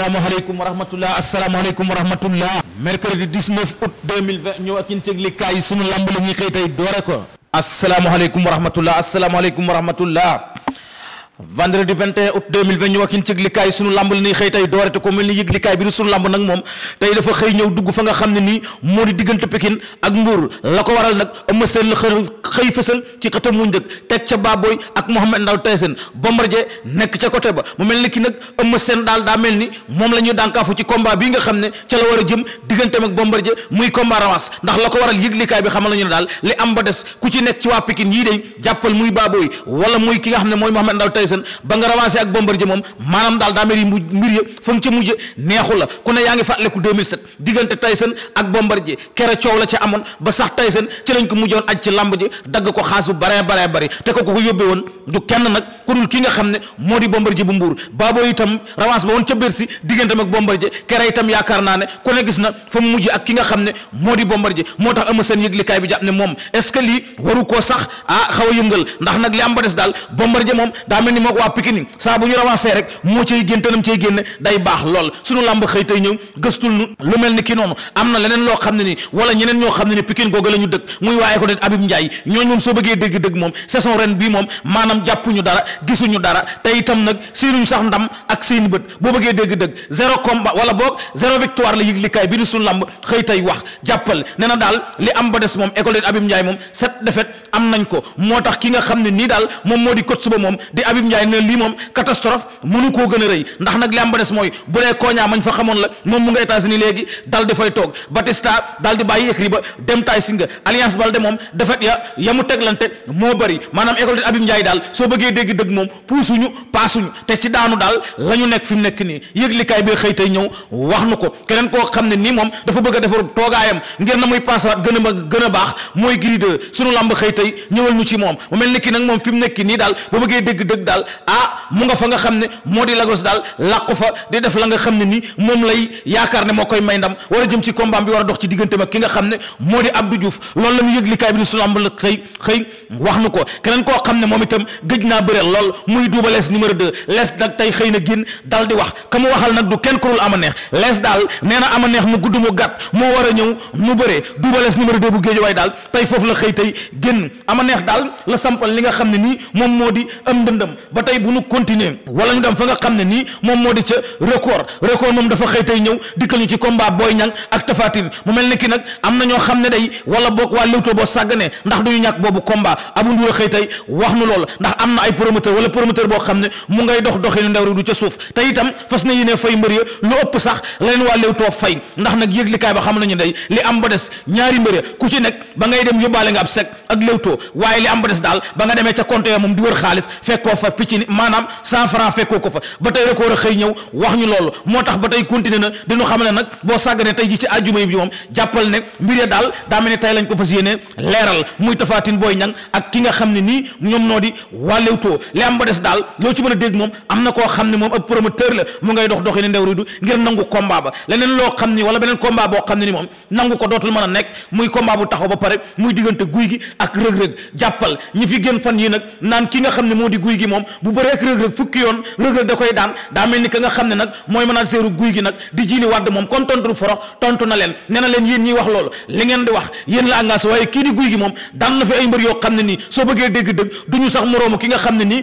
asalaamaaleykum wa rahmatulah asalaamaaleykum wa rahmatulah. mercredi 19 août 2020 ñëw ak yéen ci yëglikaay yi sunu lamb la ñuy xëy tey doore ko. asalaamaaleykum wa rahmatulah asalaamaaleykum wa rahmatulah. vendredi 21 août 2020 ñu wax ci yëglikaay sunu lamb la ñuy xëy tey doorete ko mel ni yëglikaay bi di sunu lamb nag moom tey dafa xëy ñëw dugg fa nga xam ne nii moo di diggante Pikine ak Mbour la ko waral nag Eumeu Sène xëy fësal ci xëtam mu njëkk teg ca Baboy ak Mohamed Ndao Tyson Bombardier nekk ca côté ba mu mel ni ki nag Eumeu Sène daal daa mel ni moom la ñuy dànkaafu ci combat bii nga xam ne ca la war a jëm digganteem ak Bombardier muy combat ramas ndax la ko waral y bi xamal nañu ne daal li am ba des ku ci nekk ci waa Pikine yii day jàppal muy Baboy wala muy ki nga ne mooy Mohamed Ndao Tyson seen ba nga revanché ak Bombardier moom maanaam daal daa mel ni mbir ya fa nga mujj neexu la ku yaa ngi fàttaliku 2007 diggante Tyson ak Bombardier kere coow la ca amoon ba sax Tyson ci lañ ko mujjoon aj ci làmb ji dagg ko xaas bu baree baree ki nga xam ne moo di Bombardier bu mbuur baaboo itam revanche ba woon ca Bercy digganteem ak Bombardier kere itam yaakaar ne ku ne gis na fa mu mujj ak ki nga xam moo di Bombardier moo tax ama seen yëglikaay bi jàpp ne moom est-ce que lii waru koo sax ah xaw a yëngal ndax nag li am ba des daal Bombardier moom daa mel ni moo ko waa Pikine saa bu ñu rawancé rek moo cay génn tënam cay génn day baax lool suñu làmb xëy tey ñëw gëstul nu lu mel ni ki noonu am na leneen loo xam ne ni wala ñeneen ñoo xam ni Pikine googa la ñu dëkk muy waaye ko ne Abib moom soo bëggee la am ba des moom école Abib Ndiaye moom sept défaite am nañ ko moo tax ki nga xam ne nii daal moom moo di coach ba moom di Abib Habib Ndiaye ne lii moom catastrophe mënu koo gën a rëy ndax nag li mooy bu dee Koña fa xamoon la moom mu nga États-Unis léegi dal di fay toog Batista dal di bàyyi écrit ba dem tay alliance Baldé moom defet ya ya mu teglante moo bëri maanaam école de Habib Ndiaye daal soo bëggee dégg dëgg moom puusuñu paasuñu te ci daanu daal la nekk fi nekk nii yëglikaay bi xëy ñëw wax nu ko keneen koo xam ne nii moom dafa bëgg a defaru toogaayam ngir na muy paasawaat gën a gën a baax mooy Gris 2 daal ah mu nga fa nga xam ne moo di Lagos daal làqu fa di def la nga xam ne nii moom lay yaakaar ne moo koy may ndam war a jëm ci combat bi war a dox ci diggante mag ki nga xam ne moo di Abdou Diouf loolu la ñu la xëy xëy wax nu ko keneen koo xam ne moom itam gëj naa bëre lool muy duuba lees numéro 2 lees nag tey xëy na génn dal di wax ka mu waxal nag du kenn ku am ama neex lees daal nee na ama neex mu gudd mu gàtt moo war a ñëw mu bëree duuba lees numéro 2 bu géej waay daal tey foofu la xëy tey génn ama neex daal la sampal li nga xam ne nii moom moo di am ndëndëm ba tey bu nu continuer wala ñu dem fa nga xam ne nii moom moo di ca record record moom dafa xëy tey ñëw dikkal ñu ci combat booy Niang ak Tapha Tine mu mel ni ki nag am na ñoo xam ne day wala boog waa Leewtoo boo sàgganee ndax duñu ñàkk boobu combat abu nduur a xëy tey wax nu lool ndax am na ay promoteur wala promoteur boo xam ne mu ngay dox doxinu ndew ri du ca suuf te itam fas na yéene fay mbër ya lu ëpp sax la leen waa Leewtoo fay ndax nag yëglikaay ba xam nañu day ba des ñaari mbër ya ku ci nekk ba ngay dem yóbbaale nga ab sec ak Leewtoo waaye li am des daal ba nga demee ca compte moom xaalis fa picc maanaam cent franc fekkoo ko fa ba tey rek war a xëy ñëw wax ñu loolu moo tax ba tey continué na diñu xam nag boo sàgganee tey ji ci àjjuma bi moom jàppal ne mbir daal daa ne tey lañ ko fas yéene leeral muy tafaatin booy ñang ak ki nga xam ne nii ñoom noo di waa Leewtoo li am ba des daal loo ci mën a dégg moom am na koo xam ne moom ab promoteur la mu ngay dox doxi ndew ridu ngir nangu combat ba leneen loo xam ni wala beneen combat a nekk moom bu bëree ak rëg-rëg fukki yoon rëg-rëg da koy daan daa mel ni ka nga xam ne nag mooy mën a seeru guy gi nag di jili wàdd moom kon tontu forox tontu na leen nee leen yéen ñiy wax loolu li ngeen di wax yéen la angaas waaye kii di guy gi moom daan na fi ay mbër yoo xam ne nii soo bëggee dégg dëgg duñu sax moroomu ki nga xam ne nii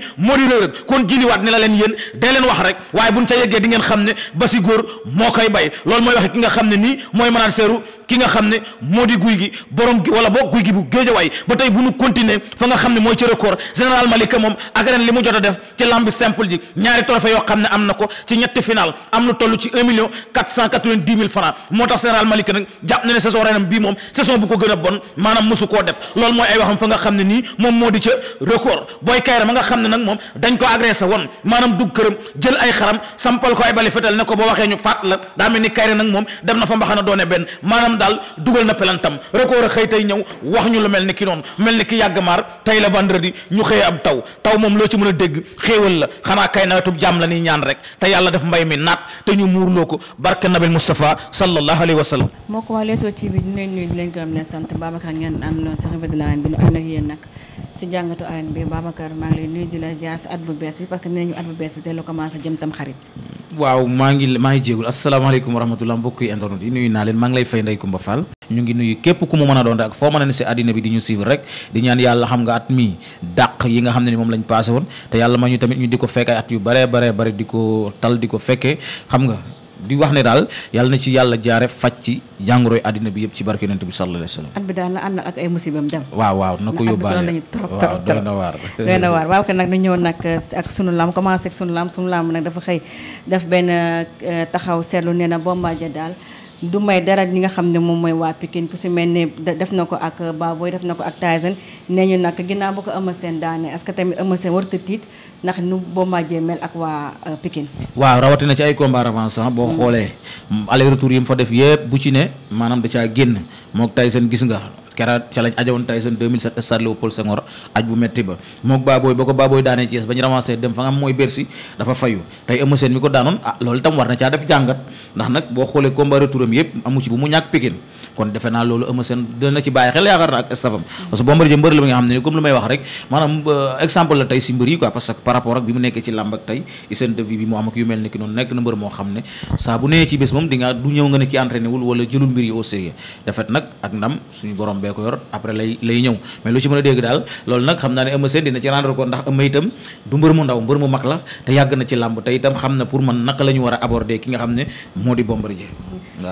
ba si mooy waxe a seeru ki nga xam ne moo di guy gi borom gi wala guy gi bu géejawaay ba tey bu ñu continuer fa nga jot a a bon jël ay xaram sampal ko ay fetal ne ko boo waxee ñu faat la daa ni kayra nag moom dem na fa mbaxana doone benn maanaam daal dugal na pelantam record a xëy tey ñëw wax ñu lu mel ni ki noonu mel ni ki yàgg maar tey la vendredi ñu xëye am taw taw moom loo ci mën a dégg xéewal la xanaa kay nawetub jàmm la ni ñaan rek te yàlla def mbay mi naat te ñu muurloo ko barke nabil Moustapha sallallahu alayhi moo ko waa Leewtoo TV di leen nuyu di leen gërëm leen sant Babacar ngeen àndaloon si revue de l'arène bi ñu ànd ak yéen nag si jàngatu arène bi Babacar maa ngi lay nuyu di la ziar si at bu bees bi parce que nee maa ngi jéegul asalaamaaleykum wa rahmatullah mbokk yi internet yi nuyu naa leen maa ngi lay fay Ndeye Coumba Fall ñu ngi nuyu képp ku mu mën a doon rek foo mën a ne si àddina bi di ñu suivre rek di ñaan yàlla xam nga at mi dàq yi nga xam ne ni moom lañ passé woon te yàlla ma ñu tamit ñu di ko fekk at yu bare bare bare di ko tal di ko fekkee xam nga di wax ne daal yàlla na ci yàlla jaare faj ci jàngoroy àddina bi yëpp ci barke yonent bi sallallahu alayhi wa sallam at bi daal na ànd ak ay musibam dem waaw waaw na ko yóbbaale nañu trop trop doy na waar doy na waar waaw kon nag ñu ñëw nag eh, ak sunu lam commencé ak sunu lam sunu lam nag dafa xëy daf benn eh, taxaw seetlu nee na Bombardier daal du may dara ñi nga xam ne moom mooy waa pikin ku si mel ne def na ko ak Baboy def na ko ak Tyson nee ñu nag ginnaaw ba ko Eumeu seen daane est-ce que tamit Eumeu Sène warut a tiit ndax nu boo Bombardier mel ak waa euh, Pikine. waaw rawatina ci ay combat revanche ah, boo mm. xoolee aller retour yi mu fa def yëpp bu ci ne maanaam da caa génn moo Tyson gis nga. kera ca lañ ajowoon Tyson 2007 stade Léopold Senghor aj bu metti ba mook baabooy ba ko baabooy daanee Thiès ba ñu ramassé dem fa nga mooy Bercy dafa fayu tey Eumeu mi ko daanoon ah loolu itam war na caa def jàngat ndax nag boo xoolee combat retouram yëpp amu ci bu mu ñàkk Pikine kon defe naa loolu Eumeu Sène ci bàyyi xel yaakaar na ak staffam parce que Bombardier mbër la bi nga xam ne ni comme lu may wax rek maanaam euh, exemple la tey si mbër bee ko yor après lay lay ñëw mais lu ci mën a dégg daal loolu nag xam naa ne Eumeu Sène dina ci rendre ko ndax Eumeu itam du mbër mu ndaw mbër mu mag la te yàgg na ci làmb te itam xam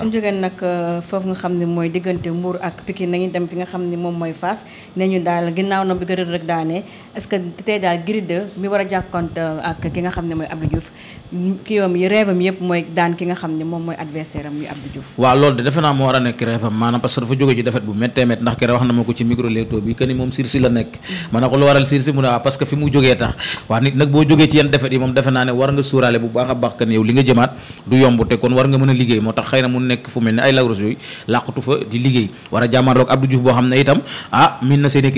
a euh, ne mooy diggante Mbour ak Pikine nañu dem fi nga xam ne moom mooy Fass ne ñu daal ginnaaw na bi nga rek daanee est que tey daal Gris mi war a jàkkoonte ak ki nga xam ne mooy Abdou Diouf kiiwam yi rêve am mooy daan ki nga xam ne moom mooy adversaire am muy Abdou Diouf waaw de defe naa moo war a nekk rêve maanaam parce dafa jóge ci defet bu méttee métt ndax kere wax na ma ko ci micro bi que ni moom sursis la nekk ma ne ko lu waral sursis mu ne waaw ah, parce fi mu jógee tax waaw nit nag boo jógee ci yenn defet yi moom defe naa ne war nga suuraale bu baax a baax que ni li nga jëmaat du yomb te kon war nga mën a liggéey moo tax xëy na mu a jàmmaarloog Abdou Diouf boo xam ne itam ah, na seen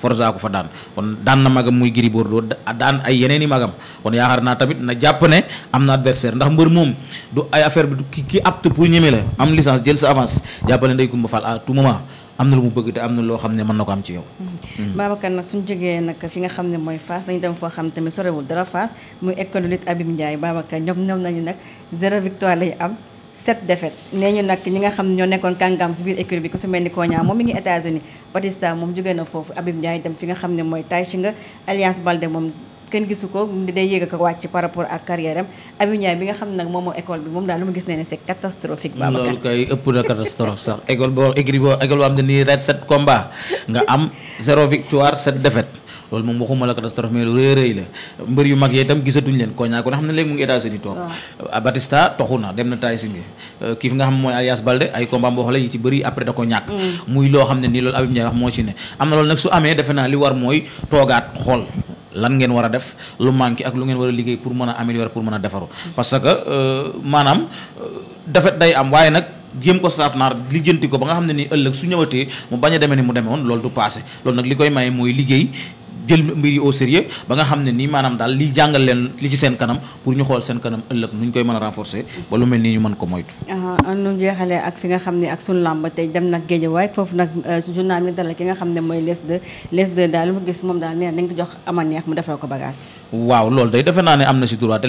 Forza ko fa daan kon daan na magam muy Gris Bordeaux daan ay yeneen i magam kon yaakaar naa tamit na jàpp ne am na adversaire ndax mbër moom du ay affaire bi ki ki pour ñeme la am licence jël sa avance jàpp ne Ndeye Coumba Fall à am na lu mu bëgg te am na loo xam ne mën na ko am ci yow. Mm-hmm. Babacar nag suñu jógee nag fi nga xam ne mooy Fass dañu dem foo xam tamit sorewul dara Fass muy école lutte Abim Ndiaye Babacar ñoom ñoom nañu nag zéro victoire sept défaites nee ñu nag ñi nga xam ne ñoo nekkoon kàngam si biir écurie bi ku si mel ni Koña moom mi ngi États-Unis Batista moom jógee na foofu Abib Ndiaye dem fi nga xam ne mooy Taïchinga Alliance Balde moom kenn gisu ko day yéeg ak wàcc par rapport ak carrière am Abib Ndiaye bi nga xam ne nag moom a école bi moom daal lu ma gis ne ne catastrophique Babacar loolu kay ëpp na catastrophe sax école boo écurie boo école boo xam ne nii nga loolu moom waxuma la catastrophe mais lu rëy rëy la mbër yu mag yee itam gisatuñ leen koñaa ko nga xam ne léegi mu ngi États-Unis toog Batista toxu na dem na Tyson euh, kii fi nga xam ne mooy Alias Balde ay mm. loo xam ne nii loolu Abib Ndiaye wax moo ne am na defe naa li war mooy toogaat xool lan ngeen war a def lu manqué ak lu ngeen war a liggéey pour mën a améliorer pour mën a defaru parce que euh, maanaam euh, dafet day am waaye nag jéem ko saaf naar lijjanti ko ba nga xam ne ni ëllëg su ñëwatee mu bañ a demee ni mu demoon loolu du passé loolu nag li koy maye mooy liggéey jël yi au euh, ki nga xam ne mooy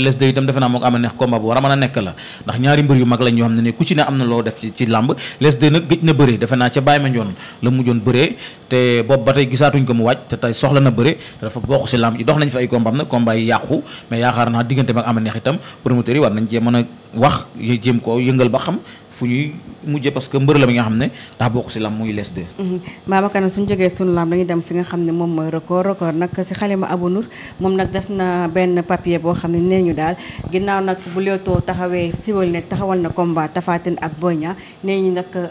les de itam defe naa moo ko ama neex combat bu war a mën a nekk la ndax ñaari mbër yu mag lañ ku ci ne am na loo def ci làmb les de nag na bëree defe naa ca bàyyi ma la mujjoon bëree te boobu ba tey gisaatuñ ko mu wàcc te tey soxla na bëree Mbacké dafa bokk ci lamb ji dox nañ fa ay combat nag combat yi yàqu mais yaakaar naa diggante mag a neex itam promoteurs yi war nañ cee mën a wax jéem koo yëngal ba xam fu ñuy mujjee parce que mbër la bi nga xam ne daa bokk si lam muy les deux mhm. Babacar nag suñu jógee suñu lam dañuy dem fi nga xam ne moom mooy record record nag si xalima Abou Nour moom nag def na benn papier boo xam ne nee ñu daal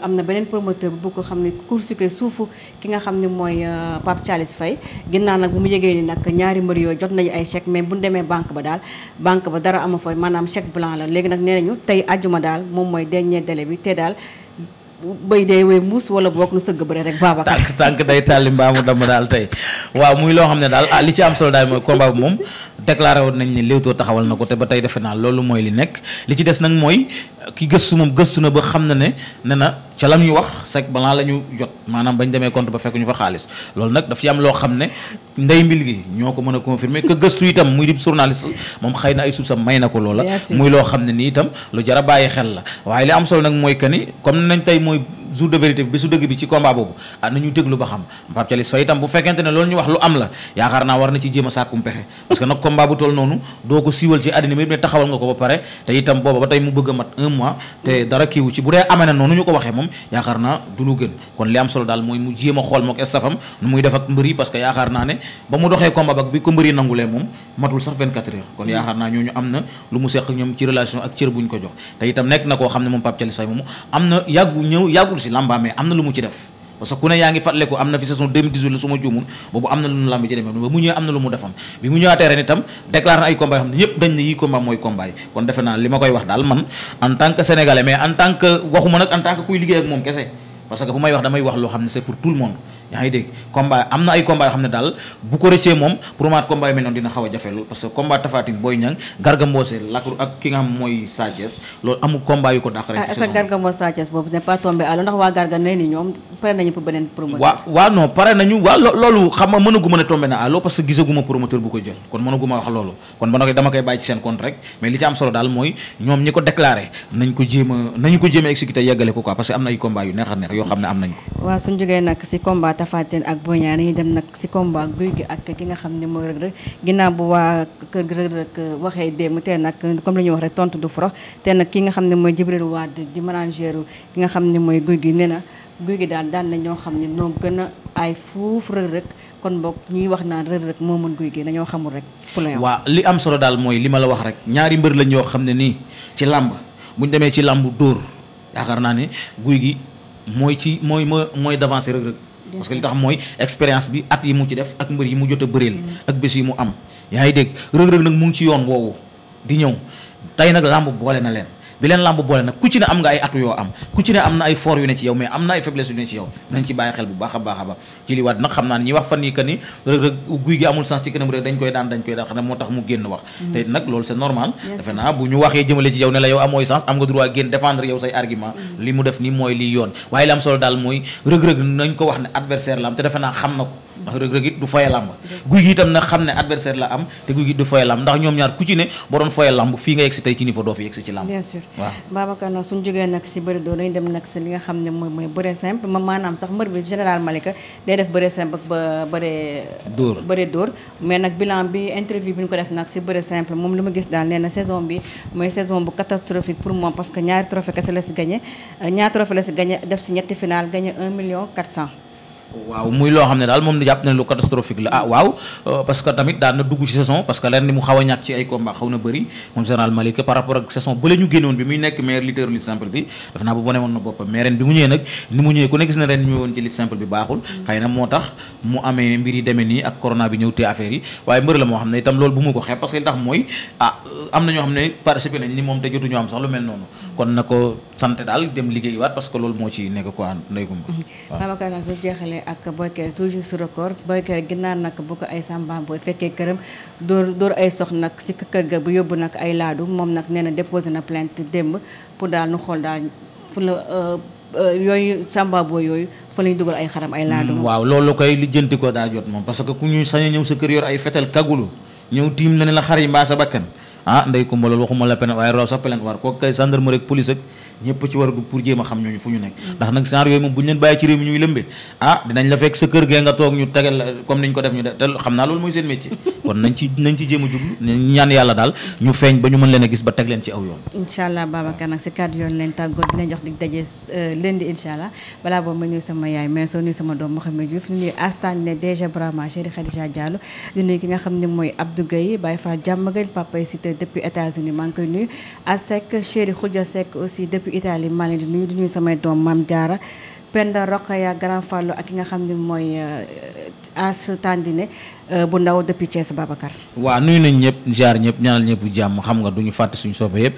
am na beneen promoteur bu ko xam ne kursuke suufu ki nga xam ne mooy euh, Pape Thialis Faye ginnaaw nag bu mu yégee ni nag ñaari mbër yooyu jot nañu ay chèque mais bu ñu demee banque ba daal banque ba dara amu fa maanaam chèque blanc la léegi nag nee nañu tey àjjuma daal moom mooy dernier délai xale bi te daal bëy day way mbuus wala boog lu sëgg bëre rek Babacar tànk tànk day tàlli mbaamu dama daal tey waaw muy loo xam ne daal ah li ci am solo daal mooy combat bi moom déclaré woon nañ ne Leewtoo taxawal na ko te ba tey defe naa loolu mooy li nekk li ci des nag mooy ki gëstu moom gëstu na ba xam na ne ne na ca lam ñu wax sec balaa la jot maanaam bañ demee compte ba fekk ñu fa xaalis loolu nag daf ci am loo xam ne ndey mbil gi ñoo ko mën a confirmer que gëstu itam muy di na ay suuf sam loo xam ne ni itam lu la waaye li am solo mooy que ni comme nañ tey mooy jour de vérité bi su dëgg bi ci combat boobu ah nañu déglu ba xam Pape Thialis Faye itam bu fekkente ne loolu ñu wax lu am la yaakaar naa war na ci jéem a sàkkum pexe parce que nag combat bu toll noonu doo ko siiwal ci àddina bi ne taxawal nga ko a mois te dara kiiwu ci bu dee amee na noonu ñu ko waxee moom yaakaar naa du lu gën kon li am solo daal mu jéem a xool mook estafam nu muy def ak mbër parce que yaakaar naa ne ba mu doxee combat bak bi ko mbër yi nangulee moom matul sax 24 heures kon yaakaar naa ñooñu am na lu mu seq ñoom ci relation ak cër bu ñu ko jox te itam nekk na koo xam ne moom Pape Thialis am na yàggu ñëw yàggul si lamba am na lu mu ci def parce que ku ne yaa ngi fàttaliku am na fi saison 2018 la su ma juumul boobu am na lu mu lamb ci demee ba mu ñëwee am na lu mu defam bi mu ñëwaatee ren itam déclaré na ay combat yoo dañ ne yi combat mooy combat kon defe naa li ma koy wax daal man en tant que mais en tant waxuma nag en tant kuy liggéey ak moom kese parce que bu may wax damay wax loo xam ne c'est pour tout le monde yaa ngi dégg combat am na ay combat yoo xam ne daal bu ko rëccee moom promoteur bu ko jël kon mënaguma wax loolu kon ba na dama koy bàyyi ci seen compte mais li ci am solo daal mooy ñoom ñi ko déclaré nañ ko jéem a ko jéem a yeggale ko quoi parce que am na ay combat yu neex a yoo xam ne am nañ ko Tapha Tine ak Boy Niang dañuy dem nag si kombaak guy gi ak ki nga xam ne mooy Reug Reug ginnaaw bu waa kër gi Reug Reug waxee démb te nag comme la ñuy wax rek tontu du forox te nag ki nga xam ne mooy Jibril Wade di manager ki nga xam ne mooy guy gi nee na guy gi daal daal na ñoo xam ne noo gën a ay fuuf Reug Reug kon boog ñuy wax naan Reug Reug moo mën guy gi dañoo xamul rek pour la li am solo daal mooy li ma la wax rek ñaari mbër lañ yoo xam ne nii ci làmb buñ demee ci làmb dóor yaakaar naa ne guy gi mooy ci mooy mooy mooy d'avancer Reug parce que li tax mooy expérience bi at yi mu ci def ak mbër yi mu jot a bëreel mm. ak bés yi mu am yaa ngi dégg rëg-rëg nag mu ngi ci yoon woowu di ñëw tey nag làmb boole na leen bi leen làmb boole nag ku ci ne am nga ay atu yoo am ku ci ne am na ay fort yu ne ci yow mais am na ay faiblesse yu ne ci yow nañ ci bàyyi xel bu baax a baax nag xam naa moo tax mu génn wax mm-hmm. te nag loolu c'est normal defe naa bu ñu waxee jëmale ci yow ne la yow amooy sens am nga droit génn défendre yow say argument mm-hmm. li mu def ni mooy lii yoon waaye li am solo daal mooy rëg-rëg nañ ko wax ne adversaire la am te defe naa xam na ndax Reug Reug it du foye làmb guy gi itam nag xam ne adversaire la am te guy gi du foye làmb ndax ñoom ñaar ku ci ne boo doon foye làmb fii nga yegsi tey ci doo fi yegsi si bëri doo dañ dem nga xam ne mooy mooy bëre simple sax mbër bi général Malika day def bëre simple mais nag bilan bi interview bi ñu ko def nag si bëre simple moom li ma gis daal nee na saison bi mooy saison bu catastrophique pour moom parce que ñaari trophée kese la si gagné ñaari trophée la si gagné def si ñetti final gagné 1 million 400 waaw muy loo xam ne daal moom ni jàpp ne lu catastrophique la ah waaw euh, parce que tamit daan na dugg ci saison parce que leen ni mu xaw a ñàkk ci ay combat xaw na bëri moom général Malick par rapport ak saison ba la ñu bi muy nekk mais ren bi mu simple bi baaxul xëy na moo tax mu amee mbir yi demee nii ak corona bi ñëw te affaire yi waaye mbër la moo xam ne itam loolu bu mu ko xeeb parce que li tax mooy ah euh, am na ñoo xam ne participé bokkee ak boykere toujours sur record boykere ginnaaw nag bu ko ay sàmbaam booy fekkee këram dóor dóor ay sox nag si kër ga bu yóbbu nag ay laadu moom nag nee na déposé na plainte démb pour daal nu xool daal fu la euh, euh, yooyu sàmba booy yooyu fa lañu dugal ay xaram ay laadu mm, waaw loolu koy lijjanti ko daa jot moom parce que ku ñuy sañ a ñëw sa kër yor ay fetal kagulu ñëw tiim la ne la xar yi mbaa sa bakkan ah, ndey kumba loolu waxuma la peine waaye raw sa peine ñëpp ci war a dugg pour jéem a xam ñooñu fu ñu nekk ndax nag genre yooyu moom bu ñu leen bàyyi ci réew mi ñuy ah dinañ la fekk sa kër gee nga toog ñu tegal comme niñ ko def ñu def te xam naa leen di leen euh, balaa boobu ma nuyu sama yaay mais soo nuyu sama doom Mouhamed Diouf nuyu Astane ne déjà Brahma Chéri Khadija Diallo di nuyu ki nga xam ne mooy Abdou Gueye Baye Fall Jàmmagal Papa Cité depuis États-Unis maa ngi koy nuyu Asek Chéri Khoudia Seck itali Italie maa leen di nuyu di samay doom Maam Jaara Penda Rokhaya Grand Fallou ak ki nga xam ne mooy euh, As Tandine Euh, bu ndaw depuis Thiès Babacar. waaw nuyu nañ ñëpp jaar ñëpp ñaanal ñëpp jàmm xam nga du ñu fàtte suñu soppe yëpp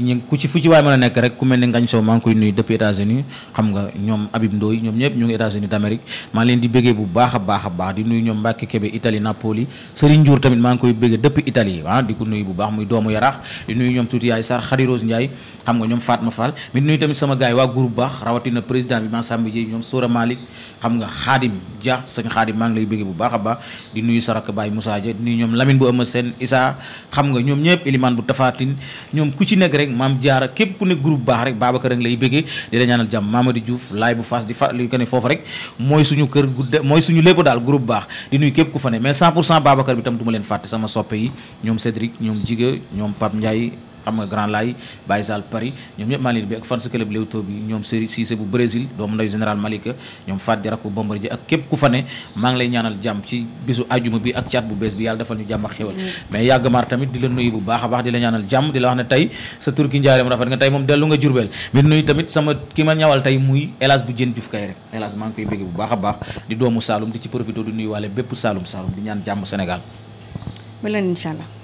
ñu ku ci fu ci waay mën a nekk rek ku mel ne Ngagne Sow maa xam nga ñoom Habib Ndoye ñoom maa ngi leen di bëggee bu baax a a baax ñoom Mbacke Kébé Italie Napoli Serigne Ndiour tamit maa ah, bu muy doomu ñoom tuuti yaay Sar Khady Rose Ndiaye xam nga ñoom sama gars yi waa groupe baax rawatina président bi maa Samba Dieye ñoom Sora Malick xam nga Khadim Dia sëñ ngi lay bëggee bu baax a baax nuyu Saraka Baye Moussa Dia nuyu ñoom Lamine bu ëmb seen Issa xam nga ñoom ñëpp Elimane bu Tafatine ñoom ku ci nekk rek maam jaara képp ku ne groupe baax rek Babacar rek lay bëggee di la ñaanal jàmm Mamadou Diouf laay bu Fass di fàttali ko ne foofu rek mooy suñu kër gudde mooy suñu lépp daal groupe baax di nuyu képp ku fa ne mais 100 pour cent Babacar bi tam du leen fàtte sama soppe yi ñoom Cédric ñoom Jiga ñoom Pape Ndiaye xam nga Grand Laye Baye Sall Paris ñoom ñëpp maa leen bi ak fans club Leewtoo bi ñoom Serigne Cissé bu Brésil doomu nday général Malika ñoom Fadi Raku Bombardier ak képp ku fa maa ngi lay ñaanal jàmm ci bisu ajuma bi ak caat bu bees bi yàlla defal ñu jàmm ak mais yàgg maar tamit di la nuyu bu baax a baax di la ñaanal jàmm di la wax ne tey sa turki njaareem rafet nga tey moom dellu nga jurbeel mais nuyu tamit sama ki ma ñawal tey muy Elhadj bu jën a